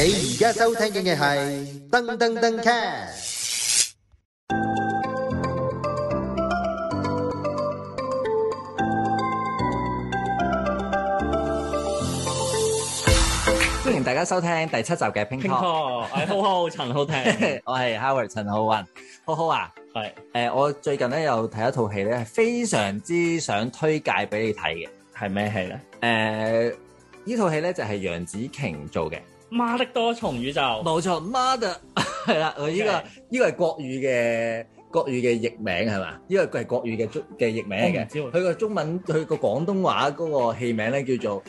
你而家收聽嘅係噔噔噔 cast，歡迎大家收聽第七集嘅乒乓。O, 哎，浩浩陳浩聽，陳聽 我係 Howard 陳浩雲。浩浩啊，係誒是、呃，我最近咧又睇一套戲咧，係非常之想推介俾你睇嘅，係咩戲咧？誒、呃，戲呢套戲咧就係楊紫瓊做嘅。媽的多重宇宙，冇錯錯，mother 係 啦了，呢 Okay.、這個呢、這個係國語嘅國語嘅譯名係嘛？呢、這個係國語嘅中嘅譯名嘅，佢個中文佢個廣東話嗰個戲名咧叫做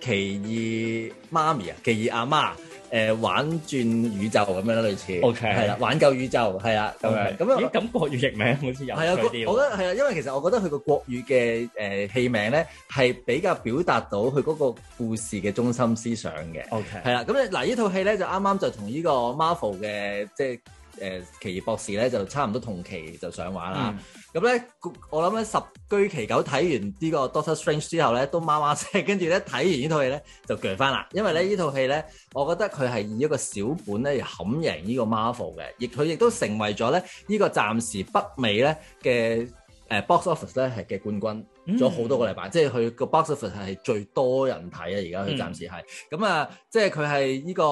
奇異媽咪啊，奇異阿媽，媽。誒、呃、玩轉宇宙咁樣咯，類似，係啦 Okay.，玩夠宇宙，係啦咁樣，咁 Okay. 我樣感覺國語譯名好似有啲。係啊，我覺得係啊，因為其實我覺得佢個國語嘅誒、呃、戲名咧，係比較表達到佢嗰個故事嘅中心思想嘅。OK，係啦，咁咧嗱，呢套戲咧就啱啱就同呢個 Marvel 嘅即係。誒，奇異博士咧就差唔多同期就上畫啦，咁咧、嗯嗯、我諗咧十居其九睇完呢、這個 Doctor Strange 之後咧都麻麻聲，跟住咧睇完呢套戲咧就鋸翻啦，因為咧呢套戲咧我覺得佢係以一個小本咧要冚贏呢個 Marvel 嘅，亦佢亦都成為咗咧呢個暫時北美咧嘅誒 box office 咧係嘅冠軍，咗好多個禮拜，嗯、即係佢個 box office 係最多人睇嘅，而家佢暫時係，咁啊、嗯嗯、即係佢係呢個誒、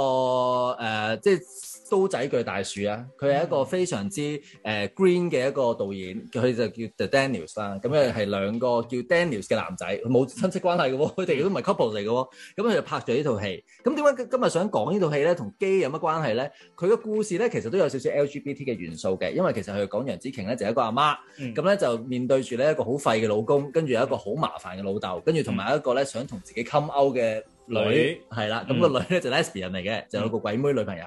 呃、即係。刀仔鋸大樹啊！佢係一個非常之誒、uh, green 嘅一個導演，佢就叫、The、Daniels 啦。咁佢係兩個叫 Daniels 嘅男仔，冇親戚關係嘅喎，佢哋都唔係 couple 嚟嘅喎。咁佢就拍咗呢套戲。咁點解今日想講呢套戲咧？同 gay 有乜關係咧？佢嘅故事咧，其實都有少少 LGBT 嘅元素嘅，因為其實佢講楊紫瓊咧就係、是、一個阿媽，咁咧就面對住咧一個好廢嘅老公，跟住有一個好麻煩嘅老豆，跟住同埋一個咧想同自己 come out 嘅女係啦，咁、嗯嗰個女咧就 lesbian 嚟嘅，嗯、就有個鬼妹女朋友。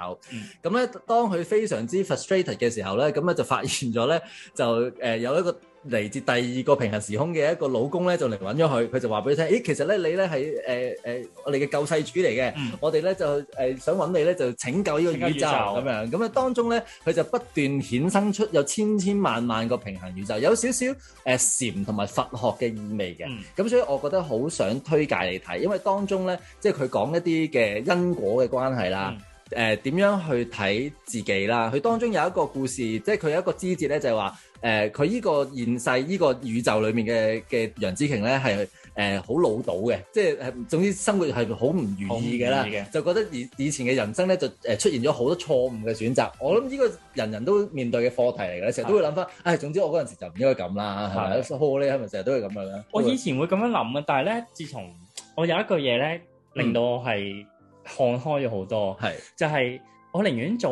咁咧、嗯，當佢非常之 frustrated 嘅時候咧，咁咧就發現咗咧，就誒有一個。嚟自第二個平行時空嘅一個老公呢，就嚟揾咗佢，佢就話俾你聽，誒，其實呢，你呢係誒誒我哋嘅救世主嚟嘅，嗯、我哋呢，就誒、呃、想揾你呢，就拯救呢個宇宙咁樣，咁啊當中呢，佢就不斷衍生出有千千萬萬個平行宇宙，有少少誒禪同埋佛學嘅意味嘅，咁、嗯、所以我覺得好想推介你睇，因為當中呢，即係佢講一啲嘅因果嘅關係啦。嗯。誒，點樣去睇自己啦？佢當中有一個故事，即係佢有一個枝節咧，就係話，誒，佢呢個現世呢個宇宙裏面嘅嘅楊紫瓊咧，係誒好老到嘅，即係總之生活係好唔如意嘅啦，就覺得以以前嘅人生咧，就誒出現咗好多錯誤嘅選擇。嗯、我諗呢個人人都面對嘅課題嚟嘅，成日都會諗翻。唉，總之我嗰陣時就唔應該咁啦，的好咧，係咪成日都係咁樣咧？我以前會咁樣諗啊，但係咧，自從我有一個嘢咧，令、嗯嗯、到我係。看開咗好多，係。就係我寧願做，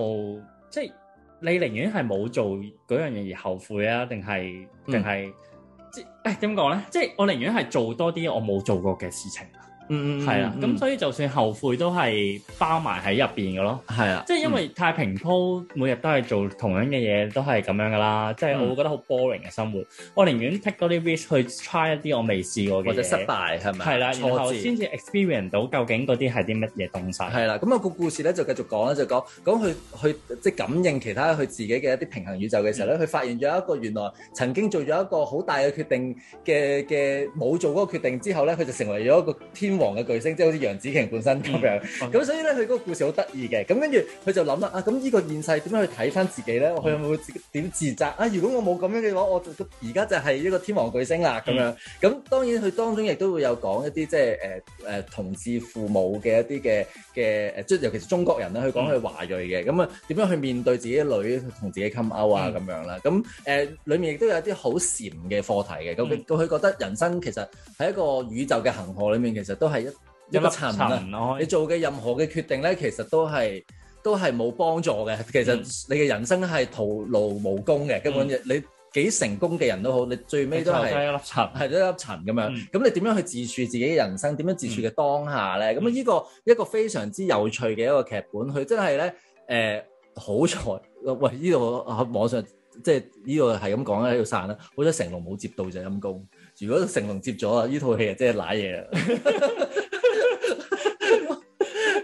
即係你寧願係冇做嗰樣嘢而後悔啊，定係，定係，即係點講咧？即係，嗯，我寧願係做多啲我冇做過嘅事情。嗯嗯嗯，係啊，咁、嗯、所以就算後悔都係包埋喺入邊嘅咯，係啊，即係因為太平鋪每日都係做同樣嘅嘢，嗯、都係咁樣噶啦，即係我覺得好 boring 嘅生活，我寧願 take 啲 wish 去 try 一啲我未試過嘅嘢，或者失敗，係咪？係啦、啊，智然後先至 experience 到究竟啲係啲乜嘢東西。係啦、啊，咁、那、啊個故事咧就繼續講啦，就講講佢去即係感應其他佢自己嘅一啲平衡宇宙嘅時候咧，佢、嗯、發現咗一個原來曾經做咗一個好大嘅決定嘅嘅冇做個決定之後咧，佢就成為咗一個天。王嘅巨星，即係好似楊紫瓊本身咁樣，咁、嗯、所以咧，佢嗰、嗯、個故事好得意嘅。咁跟住佢就諗啦，啊咁呢個現世點樣去睇返自己咧？佢、嗯、有冇點自，自責啊？如果我冇咁樣嘅話，我而家就係一個天王巨星啦。咁樣，咁、嗯、當然佢當中亦都會有講一啲即係誒誒同志父母嘅一啲嘅嘅誒，即尤其是中國人咧，佢講佢華裔嘅咁啊，點、嗯、樣去面對自己女同自己 come out 啊咁樣啦？咁誒，裏、呃、面亦都有一啲好禪嘅課題嘅。咁佢咁覺得人生其實喺一個宇宙嘅恆河裡面，其實都係一一個塵，啊、你做嘅任何嘅決定咧，其實都係都係冇幫助嘅。其實你嘅人生係徒勞無功嘅。根本你幾成功嘅人都好，你最尾都係一粒塵，係一粒塵咁樣。咁、嗯、你點樣去自處自己人生？點樣自處嘅當下咧？咁呢依個一個非常之有趣嘅一個劇本，佢真係咧誒，呃、好彩。喂呢度喺網上，即係呢度係咁講咧喺度散啦。好彩成龍冇接到就陰功。如果成龍接咗 啊，呢套戲啊真係瀨嘢啊！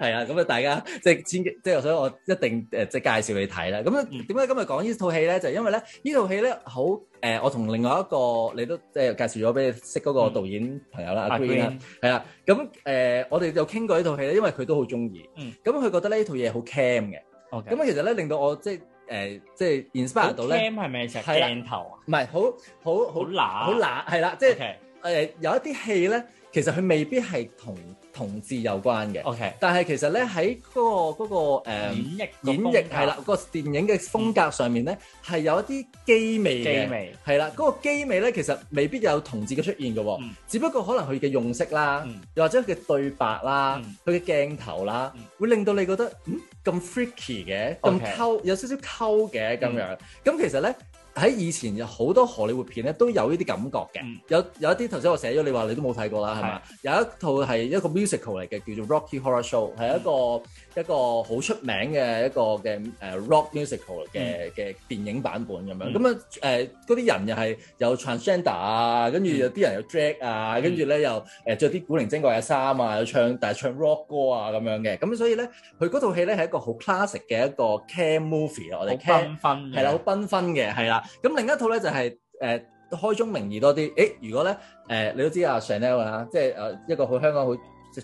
係啊，咁啊大家即係、就是、千即係，所、就、以、是、我一定誒即係介紹你睇啦。咁樣點解今日講呢套戲咧？就是、因為咧呢套戲咧好誒、呃，我同另外一個你都即係、呃、介紹咗俾你識嗰個導演朋友啦，阿 Green 啦，係啦。咁誒、呃，我哋有傾過呢套戲咧，因為佢都好中意。嗯。咁佢、嗯、覺得呢套嘢好 cam 嘅。Okay。咁啊，其實咧令到我即係。誒、呃，即係 inspire 到咧，係咪成鏡頭啊，唔係好好好乸，好乸，係啦，即係誒有一啲戲咧。其實佢未必係同同志有關嘅，但係其實咧喺嗰個嗰個誒演繹演繹係啦，個電影嘅風格上面咧係有一啲機味嘅，係啦，嗰個機味咧其實未必有同志嘅出現嘅喎，只不過可能佢嘅用色啦，又或者佢嘅對白啦，佢嘅鏡頭啦，會令到你覺得嗯咁 freaky 嘅，咁溝有少少溝嘅咁樣，咁其實咧。喺以前有好多荷里活片咧都有呢啲感覺嘅，嗯、有有一啲頭先我寫咗你話你都冇睇過啦，係嘛？有一套係一,一個 musical 嚟嘅，叫做 Rocky Horror Show，係、嗯、一個一個好出名嘅一個嘅誒、啊、rock musical 嘅嘅、嗯、電影版本咁樣咁啊誒啲人又係有 transgender 啊，跟住有啲人有 drag 啊，跟住咧又誒着啲古靈精怪嘅衫啊，又唱但係唱 rock 歌啊咁樣嘅。咁所以咧佢套戲咧係一個好 classic 嘅一個 camp movie，我哋 camp 係啦，好繽紛嘅，係啦。咁另一套咧就係、是、誒、呃、開宗明義多啲，誒、欸、如果咧誒、呃、你都知阿、啊、Chanel 啊，即係誒一個好香港好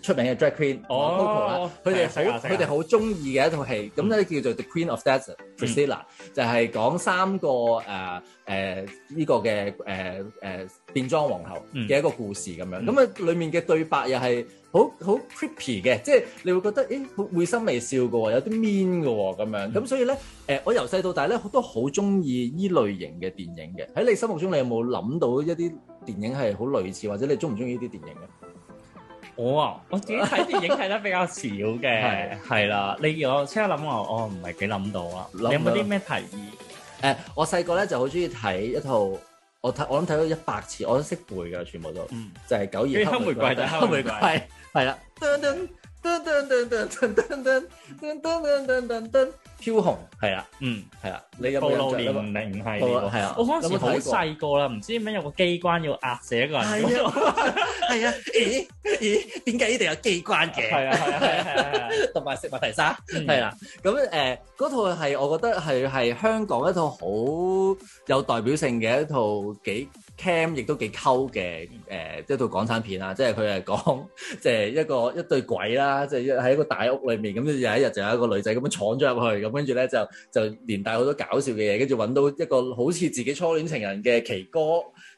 出名嘅 Drag Queen，佢哋好佢哋好中意嘅一套戲，咁咧、嗯、叫做 The Queen of Desert Priscilla，嗯、就係講三個誒誒呢個嘅誒誒變裝皇后嘅一個故事咁、嗯嗯、樣。咁啊，裡面嘅對白又係好好 creepy 嘅，即係、就是、你會覺得誒、欸、會心微笑嘅有啲 mean 嘅喎咁樣。咁、嗯嗯、所以咧誒，我由細到大咧，好都好中意依類型嘅電影嘅。喺你心目中，你有冇諗到一啲電影係好類似，或者你中唔中意呢啲電影嘅？我啊、哦，我自己睇電影睇得比較少嘅，係啦 的。你叫我即刻諗我，我唔係幾諗到啊。到你有冇啲咩提議？誒、呃，我細個咧就好中意睇一套，我睇我諗睇咗一百次，我都識背㗎，全部都。嗯。就係《九二黑玫瑰》。黑，黑玫瑰，黑玫瑰。係啦噔的。 飄紅係啊，嗯係啊，你有冇暴露年齡？係啊，我嗰時好細個啦，唔知點解有個機關要壓死一個人，係啊，係啊，咦咦，點解呢度有機關嘅？係啊係啊係啊，同埋食麥提沙，係啦，咁誒嗰套係我覺得係係香港一套好有代表性嘅一套幾 cam 亦都幾溝嘅誒，即係一套港產片啦，即係佢係講即係一個一對鬼啦，即係喺一個大屋裏面，咁咧有一日就有一個女仔咁樣闖咗入去。咁跟住咧就就連帶好多搞笑嘅嘢，跟住揾到一個好似自己初戀情人嘅奇哥。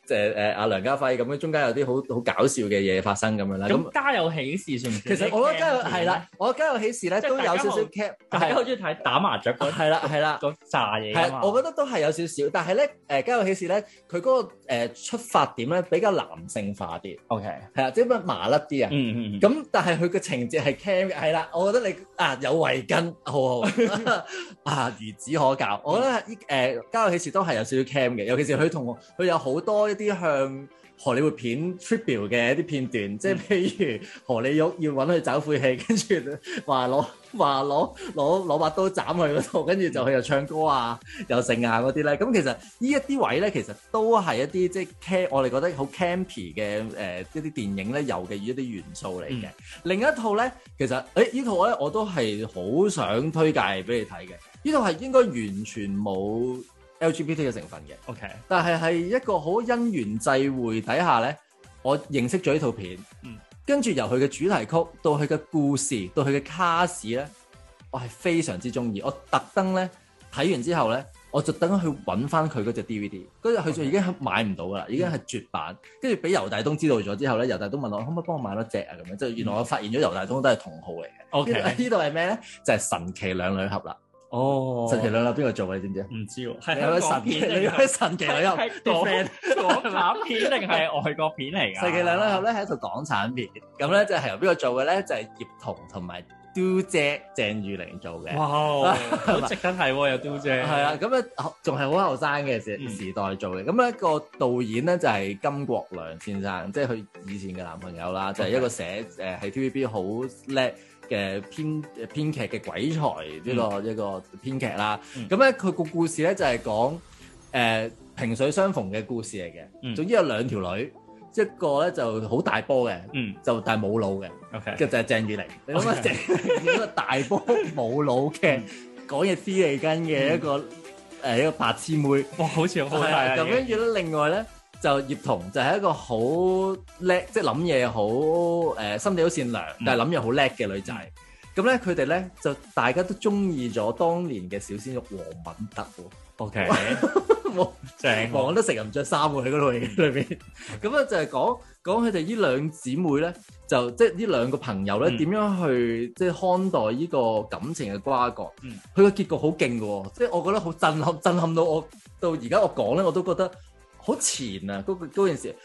即係誒阿梁家輝咁樣，中間有啲好好搞笑嘅嘢發生咁樣啦。咁家有喜事算唔算？其實我覺得家有係啦，我家有喜事咧都有少少 camp，大家好中意睇打麻雀嗰係啦係啦嗰炸嘢。係，我覺得都係有少少，但係咧誒家有喜事咧，佢嗰個出發點咧比較男性化啲。OK，係啊，即係乜麻甩啲啊？嗯咁但係佢個情節係 camp 嘅，係啦。我覺得你啊有慧根，好好啊，孺子可教。我覺得依家有喜事都係有少少 camp 嘅，尤其是佢同佢有好多。啲向荷里活片 tribute 嘅一啲片段，即係譬如荷里玉要揾佢走晦氣，跟住話攞話攞攞攞把刀斬佢嗰套，跟住就佢又唱歌啊，又剩啊嗰啲咧。咁、嗯、其實呢一啲位咧，其實都係一啲即係 camp 我哋覺得好 campy 嘅誒一、呃、啲電影咧尤其一啲元素嚟嘅。嗯、另一套咧，其實誒套呢套咧我都係好想推介俾你睇嘅。呢套係應該完全冇 LGBT 嘅成分嘅，OK，但係係一個好姻緣際會底下咧，我認識咗呢套片，嗯，跟住由佢嘅主題曲到佢嘅故事，到佢嘅卡士咧，我係非常之中意，我特登咧睇完之後咧，我就等去揾翻佢嗰隻 DVD，嗰隻佢就已經買唔到噶啦，OK，已經係絕版，跟住俾尤大東知道咗之後咧，嗯、尤大東問我可唔可以幫我買多隻啊？咁樣即係原來我發現咗尤大東都係同好嚟嘅，OK，呢度係咩咧？就係、是、神奇兩女俠啦。哦，神奇兩立邊個做嘅？你知唔知啊？唔知喎，係有啲神，嗰啲神奇兩粒港港產片定係外國片嚟噶神奇兩粒咧係一套港產片，咁咧就係由邊個做嘅咧？就係葉童同埋嘟姐鄭裕玲做嘅。哇，好值得係喎，有嘟姐。係啊，咁咧仲係好後生嘅時時代做嘅。咁咧個導演咧就係金國良先生，即係佢以前嘅男朋友啦，就係一個寫誒喺 TVB 好叻嘅編編劇嘅鬼才，呢個一個編劇啦，咁咧佢個故事咧就係講誒萍水相逢嘅故事嚟嘅。總之有兩條女，一個咧就好大波嘅，就但冇腦嘅，就係鄭裕玲。咁諗下鄭，一個大波冇腦嘅，講嘢斯利根嘅一個誒一個白痴妹，哇，好似好係啊！咁跟住咧，另外咧。就葉童就係一個好叻，即係諗嘢好誒，心地好善良，但係諗嘢好叻嘅女仔。咁咧、嗯，佢哋咧就大家都中意咗當年嘅小鮮肉王敏德喎。O K，我成日唔着衫喎喺嗰度嚟裏邊。咁咧 就係講講佢哋呢兩姊妹咧，就即係呢兩個朋友咧點、嗯、樣去即係、就是、看待呢個感情嘅瓜葛。佢個、嗯、結局好勁嘅喎，即、就、係、是、我覺得好震撼，震撼到我到而家我講咧我都覺得。好前啊！嗰件事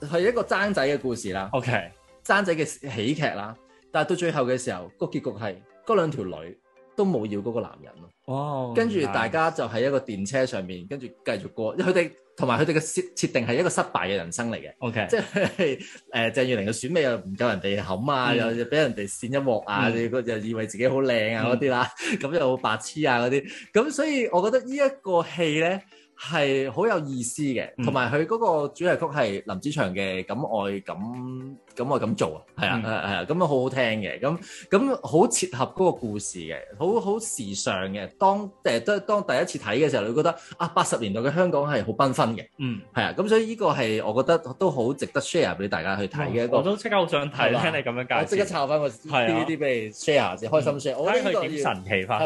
係一個爭仔嘅故事啦，Okay. 爭仔嘅喜劇啦。但係到最後嘅時候，個結局係嗰兩條女都冇要嗰個男人咯。哦，oh, 跟住大家就喺一個電車上面，跟住繼續過。佢哋同埋佢哋嘅設定係一個失敗嘅人生嚟嘅。OK，即係誒鄭裕玲嘅選美又唔夠人哋冚啊，mm. 又又俾人哋扇一鑊啊，又、mm. 又以為自己好靚啊嗰啲啦，咁、mm. 又好白痴啊嗰啲。咁所以我覺得呢一個戲咧。係好有意思嘅，同埋佢嗰個主題曲係林子祥嘅《敢愛敢敢愛敢做》啊，係、嗯、啊，係啊，咁都好好聽嘅，咁咁好切合嗰個故事嘅，好好時尚嘅。當誒都當第一次睇嘅時候，你覺得啊，八十年代嘅香港係好奔分嘅，嗯，係啊。咁所以呢個係我覺得都好值得 share 俾大家去睇嘅一個。哦、我都即刻好想睇吧，聽你咁樣介紹即刻抄翻個、TV、D V D 俾你 share 先，開心 share。嗯、我覺得佢幾神奇化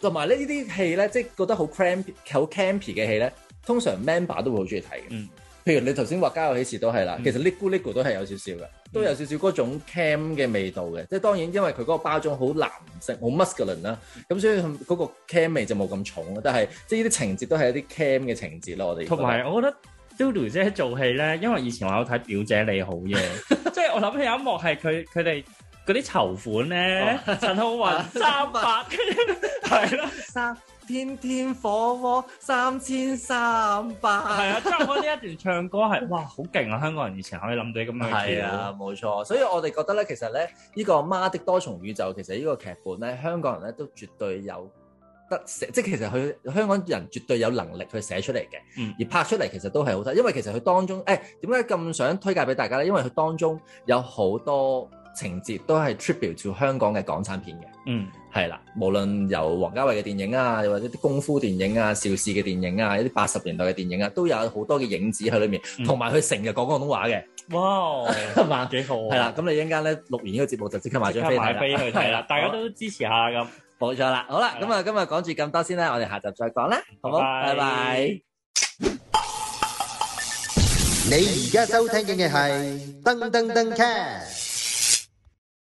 同埋咧，呢啲戲咧，即係覺得好 camp 好 campy 嘅戲咧，通常 members 都會好中意睇嘅。嗯，譬如你頭先話《家有喜事》都係啦，嗯、其實《叻哥叻哥》都係有少少嘅，都有少少嗰種 camp 嘅味道嘅。嗯、即係當然，因為佢嗰個包裝好藍色，好 masculine 啦、嗯，咁所以嗰個 camp 味就冇咁重。但係即係呢啲情節都係一啲 camp 嘅情節咯。我哋同埋我覺得 Dodo 姐做戲咧，因為以前我有睇《表姐你好嘢》，即係我諗起有一幕係佢佢哋嗰啲籌款咧， 陳浩雲三百。係啦，啊、 三天天火鍋三千三百。係 啊，即係我呢一段唱歌係，哇，好勁啊！香港人以前可以諗到咁樣跳。係啊，冇錯。所以我哋覺得咧，其實咧，呢、這個《媽的多重宇宙》其實個劇，呢個劇本咧，香港人咧都絕對有得寫，即係其實佢香港人絕對有能力去寫出嚟嘅。嗯。而拍出嚟其實都係好睇，因為其實佢當中，誒、欸，點解咁想推介俾大家咧？因為佢當中有好多。情節都係 tribute 住香港嘅港產片嘅，嗯，係啦，無論由王家衛嘅電影啊，又或者啲功夫電影啊、邵氏嘅電影啊，一啲八十年代嘅電影啊，都有好多嘅影子喺裏面，同埋佢成日講廣東話嘅，哇，萬幾好，係啦，咁你一陣間咧錄完呢個節目就即刻買張飛睇飛去睇啦，大家都支持下咁，冇錯啦，好啦，咁啊今日講住咁多先啦，我哋下集再講啦，好冇？拜拜。你而家收聽緊嘅係噔噔噔